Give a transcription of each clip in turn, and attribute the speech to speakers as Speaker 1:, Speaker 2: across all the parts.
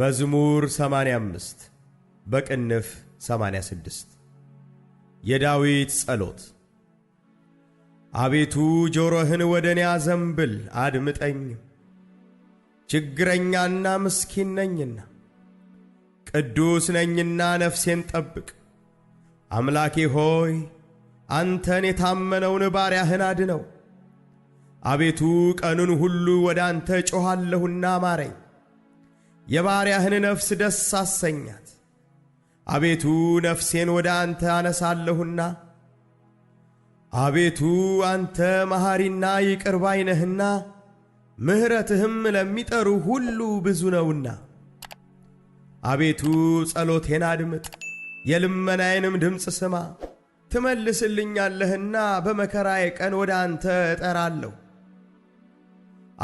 Speaker 1: መዝሙር 85 በቅንፍ 86 የዳዊት ጸሎት። አቤቱ ጆሮህን ወደ እኔ አዘንብል አድምጠኝ፣ ችግረኛና ምስኪን ነኝና። ቅዱስ ነኝና ነፍሴን ጠብቅ። አምላኬ ሆይ አንተን የታመነውን ባሪያህን አድነው። አቤቱ ቀኑን ሁሉ ወደ አንተ ጮኻለሁና ማረኝ። የባሪያህን ነፍስ ደስ አሰኛት። አቤቱ ነፍሴን ወደ አንተ አነሳለሁና አቤቱ አንተ መሐሪና ይቅር ባይ ነህና ምሕረትህም ለሚጠሩ ሁሉ ብዙ ነውና። አቤቱ ጸሎቴን አድምጥ፣ የልመናዬንም ድምፅ ስማ። ትመልስልኛለህና በመከራዬ ቀን ወደ አንተ እጠራለሁ።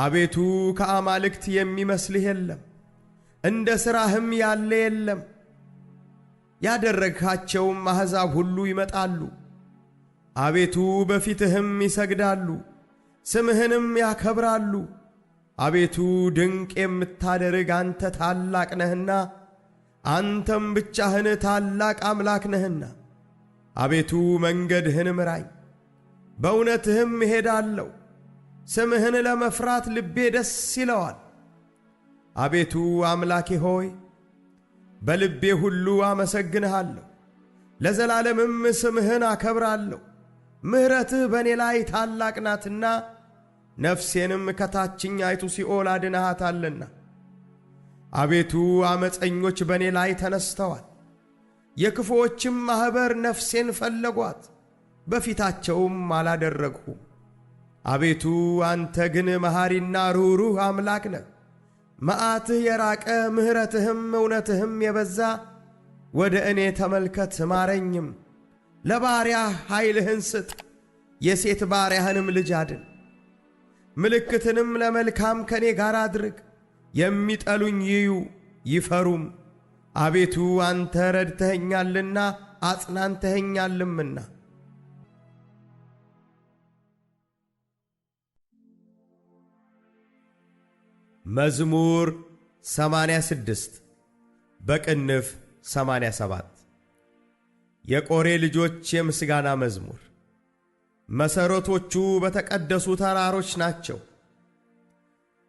Speaker 1: አቤቱ ከአማልክት የሚመስልህ የለም እንደ ሥራህም ያለ የለም። ያደረግካቸውም አሕዛብ ሁሉ ይመጣሉ፣ አቤቱ በፊትህም ይሰግዳሉ፣ ስምህንም ያከብራሉ። አቤቱ ድንቅ የምታደርግ አንተ ታላቅ ነህና፣ አንተም ብቻህን ታላቅ አምላክ ነህና። አቤቱ መንገድህን ምራኝ፣ በእውነትህም እሄዳለሁ። ስምህን ለመፍራት ልቤ ደስ ይለዋል። አቤቱ አምላኬ ሆይ በልቤ ሁሉ አመሰግንሃለሁ፣ ለዘላለምም ስምህን አከብራለሁ። ምሕረትህ በእኔ ላይ ታላቅ ናትና ነፍሴንም ከታችኛይቱ ሲኦል አድነሃታልና። አቤቱ አመፀኞች በእኔ ላይ ተነስተዋል፣ የክፉዎችም ማኅበር ነፍሴን ፈለጓት፣ በፊታቸውም አላደረግሁም። አቤቱ አንተ ግን መሐሪና ርኅሩኅ አምላክ ነህ መዓትህ የራቀ ምሕረትህም እውነትህም የበዛ ወደ እኔ ተመልከት ማረኝም። ለባሪያህ ኃይልህን ስጥ፣ የሴት ባሪያህንም ልጅ አድን። ምልክትንም ለመልካም ከኔ ጋር አድርግ። የሚጠሉኝ ይዩ ይፈሩም። አቤቱ አንተ ረድተኸኛልና አጽናንተኸኛልምና መዝሙር 86 በቅንፍ 87 የቆሬ ልጆች የምስጋና መዝሙር። መሠረቶቹ በተቀደሱ ተራሮች ናቸው።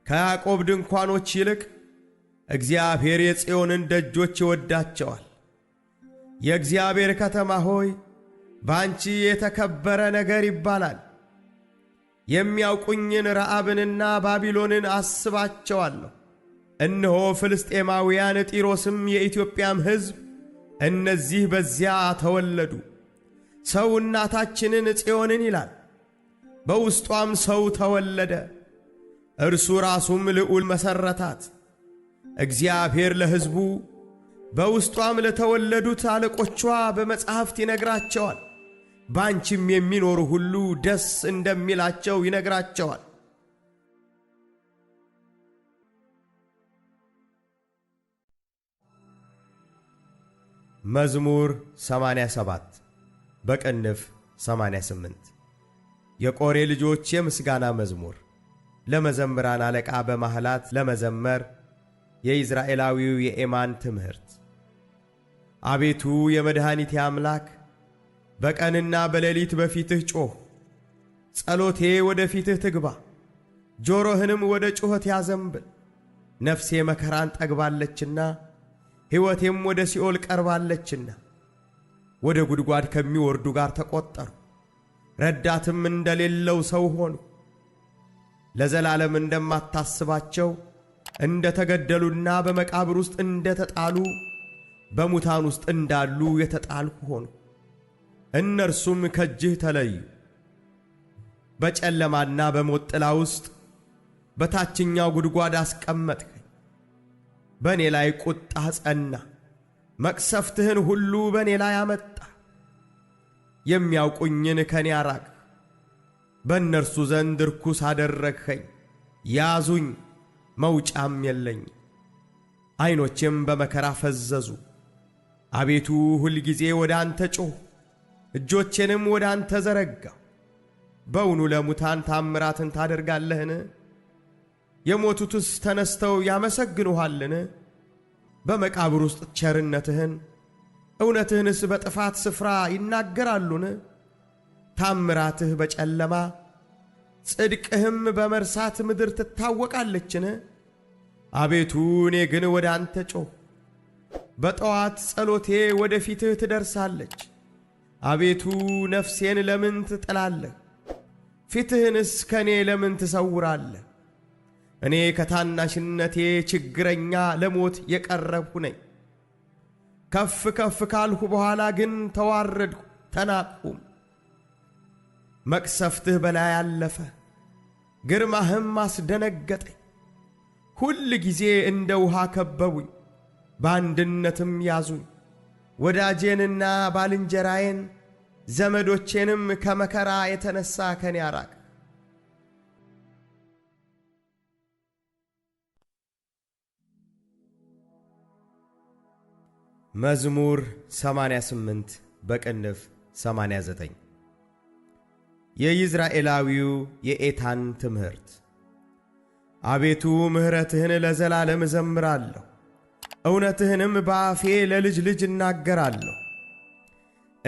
Speaker 1: ከያዕቆብ ድንኳኖች ይልቅ እግዚአብሔር የጽዮንን ደጆች ይወዳቸዋል። የእግዚአብሔር ከተማ ሆይ በአንቺ የተከበረ ነገር ይባላል። የሚያውቁኝን ረአብንና ባቢሎንን አስባቸዋለሁ። እነሆ ፍልስጤማውያን ጢሮስም የኢትዮጵያም ሕዝብ እነዚህ በዚያ ተወለዱ። ሰው እናታችንን ጽዮንን ይላል፣ በውስጧም ሰው ተወለደ። እርሱ ራሱም ልዑል መሠረታት። እግዚአብሔር ለሕዝቡ በውስጧም ለተወለዱት አለቆቿ በመጻሕፍት ይነግራቸዋል። በአንቺም የሚኖሩ ሁሉ ደስ እንደሚላቸው ይነግራቸዋል። መዝሙር 87 በቅንፍ 88 የቆሬ ልጆች የምስጋና መዝሙር ለመዘምራን አለቃ በማህላት ለመዘመር የኢዝራኤላዊው የኤማን ትምህርት አቤቱ የመድኃኒቴ አምላክ በቀንና በሌሊት በፊትህ ጮህ! ጸሎቴ ወደ ፊትህ ትግባ፣ ጆሮህንም ወደ ጩኸት ያዘንብል። ነፍሴ መከራን ጠግባለችና ሕይወቴም ወደ ሲኦል ቀርባለችና ወደ ጉድጓድ ከሚወርዱ ጋር ተቈጠሩ። ረዳትም እንደሌለው ሰው ሆኑ። ለዘላለም እንደማታስባቸው እንደ ተገደሉና በመቃብር ውስጥ እንደ ተጣሉ በሙታን ውስጥ እንዳሉ የተጣልሁ ሆኑ። እነርሱም ከእጅህ ተለዩ። በጨለማና በሞት ጥላ ውስጥ በታችኛው ጉድጓድ አስቀመጥኸኝ። በእኔ ላይ ቁጣ ጸና፣ መቅሰፍትህን ሁሉ በእኔ ላይ አመጣ። የሚያውቁኝን ከኔ አራቅህ፣ በእነርሱ ዘንድ ርኩስ አደረግኸኝ። ያዙኝ፣ መውጫም የለኝም። ዐይኖቼም በመከራ ፈዘዙ። አቤቱ ሁልጊዜ ወደ አንተ ጮኽ። እጆቼንም ወደ አንተ ዘረጋው። በውኑ ለሙታን ታምራትን ታደርጋለህን? የሞቱትስ ተነስተው ያመሰግኑሃልን? በመቃብር ውስጥ ቸርነትህን እውነትህንስ በጥፋት ስፍራ ይናገራሉን? ታምራትህ በጨለማ ጽድቅህም በመርሳት ምድር ትታወቃለችን? አቤቱ እኔ ግን ወደ አንተ ጮኽ፣ በጠዋት ጸሎቴ ወደ ፊትህ ትደርሳለች። አቤቱ ነፍሴን ለምን ትጥላለህ? ፊትህንስ ከእኔ ለምን ትሰውራለህ? እኔ ከታናሽነቴ ችግረኛ ለሞት የቀረብሁ ነኝ። ከፍ ከፍ ካልሁ በኋላ ግን ተዋረድሁ ተናቅሁም። መቅሰፍትህ በላይ አለፈ፣ ግርማህም አስደነገጠኝ። ሁል ጊዜ እንደ ውሃ ከበቡኝ፣ በአንድነትም ያዙኝ። ወዳጄንና ባልንጀራዬን ዘመዶቼንም ከመከራ የተነሳ ከኔ አራቅ። መዝሙር 88 በቅንፍ 89 የኢዝራኤላዊው የኤታን ትምህርት አቤቱ ምሕረትህን ለዘላለም እዘምራለሁ። እውነትህንም በአፌ ለልጅ ልጅ እናገራለሁ።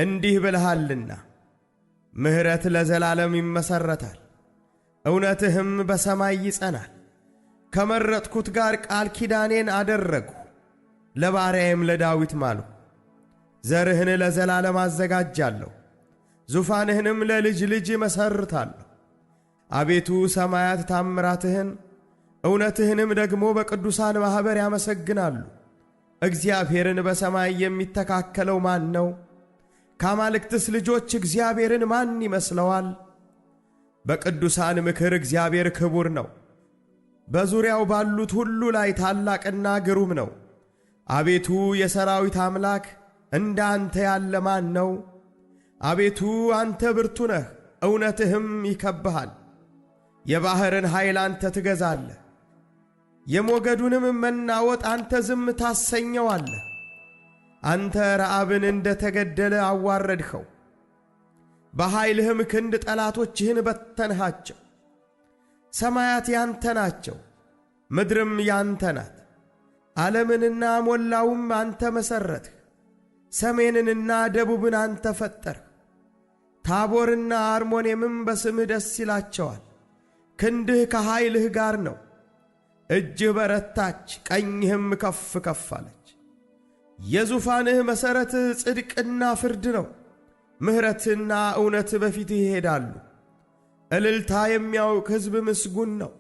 Speaker 1: እንዲህ ብለሃልና ምሕረት ለዘላለም ይመሠረታል፣ እውነትህም በሰማይ ይጸናል። ከመረጥኩት ጋር ቃል ኪዳኔን አደረግሁ፣ ለባሪያዬም ለዳዊት ማሉ ዘርህን ለዘላለም አዘጋጃለሁ፣ ዙፋንህንም ለልጅ ልጅ መሠርታለሁ። አቤቱ ሰማያት ታምራትህን እውነትህንም ደግሞ በቅዱሳን ማኅበር ያመሰግናሉ። እግዚአብሔርን በሰማይ የሚተካከለው ማን ነው? ከአማልክትስ ልጆች እግዚአብሔርን ማን ይመስለዋል? በቅዱሳን ምክር እግዚአብሔር ክቡር ነው፣ በዙሪያው ባሉት ሁሉ ላይ ታላቅና ግሩም ነው። አቤቱ የሰራዊት አምላክ እንደ አንተ ያለ ማን ነው? አቤቱ አንተ ብርቱ ነህ፣ እውነትህም ይከብሃል። የባሕርን ኃይል አንተ ትገዛለህ። የሞገዱንም መናወጥ አንተ ዝም ታሰኘዋለህ። አንተ ረዓብን እንደ ተገደለ አዋረድኸው፣ በኃይልህም ክንድ ጠላቶችህን በተንሃቸው። ሰማያት ያንተ ናቸው፣ ምድርም ያንተ ናት። ዓለምንና ሞላውም አንተ መሠረትህ፣ ሰሜንንና ደቡብን አንተ ፈጠርህ። ታቦርና አርሞኔምም በስምህ ደስ ይላቸዋል፣ ክንድህ ከኃይልህ ጋር ነው። እጅህ በረታች፣ ቀኝህም ከፍ ከፍ አለች። የዙፋንህ መሠረት ጽድቅና ፍርድ ነው፤ ምሕረትና እውነት በፊት ይሄዳሉ። እልልታ የሚያውቅ ሕዝብ ምስጉን ነው።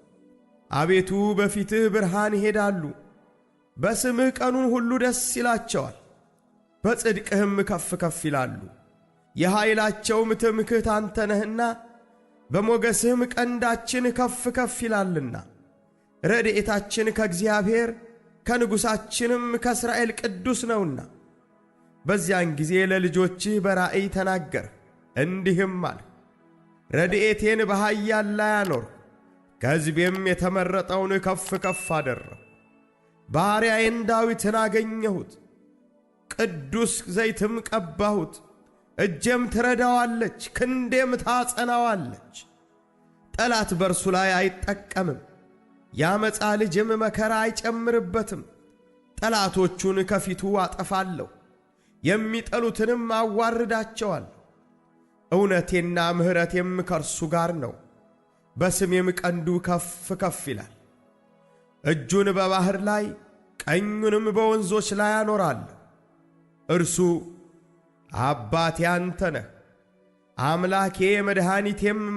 Speaker 1: አቤቱ በፊትህ ብርሃን ይሄዳሉ፤ በስምህ ቀኑን ሁሉ ደስ ይላቸዋል፣ በጽድቅህም ከፍ ከፍ ይላሉ። የኃይላቸውም ትምክሕት አንተ ነህና፣ በሞገስህም ቀንዳችን ከፍ ከፍ ይላልና። ረድኤታችን ከእግዚአብሔር ከንጉሣችንም ከእስራኤል ቅዱስ ነውና። በዚያን ጊዜ ለልጆችህ በራእይ ተናገር እንዲህም አል ረድኤቴን በኃያል ላይ አኖር፣ ከሕዝቤም የተመረጠውን ከፍ ከፍ አደረግሁ። ባሪያዬን ዳዊትን አገኘሁት፣ ቅዱስ ዘይትም ቀባሁት። እጄም ትረዳዋለች፣ ክንዴም ታጸናዋለች። ጠላት በእርሱ ላይ አይጠቀምም። የአመፃ ልጅም መከራ አይጨምርበትም። ጠላቶቹን ከፊቱ አጠፋለሁ፣ የሚጠሉትንም አዋርዳቸዋለሁ። እውነቴና ምሕረቴም ከእርሱ ጋር ነው፣ በስሜም ቀንዱ ከፍ ከፍ ይላል። እጁን በባሕር ላይ ቀኙንም በወንዞች ላይ አኖራለሁ። እርሱ አባቴ አንተ ነህ፣ አምላኬ መድኃኒቴም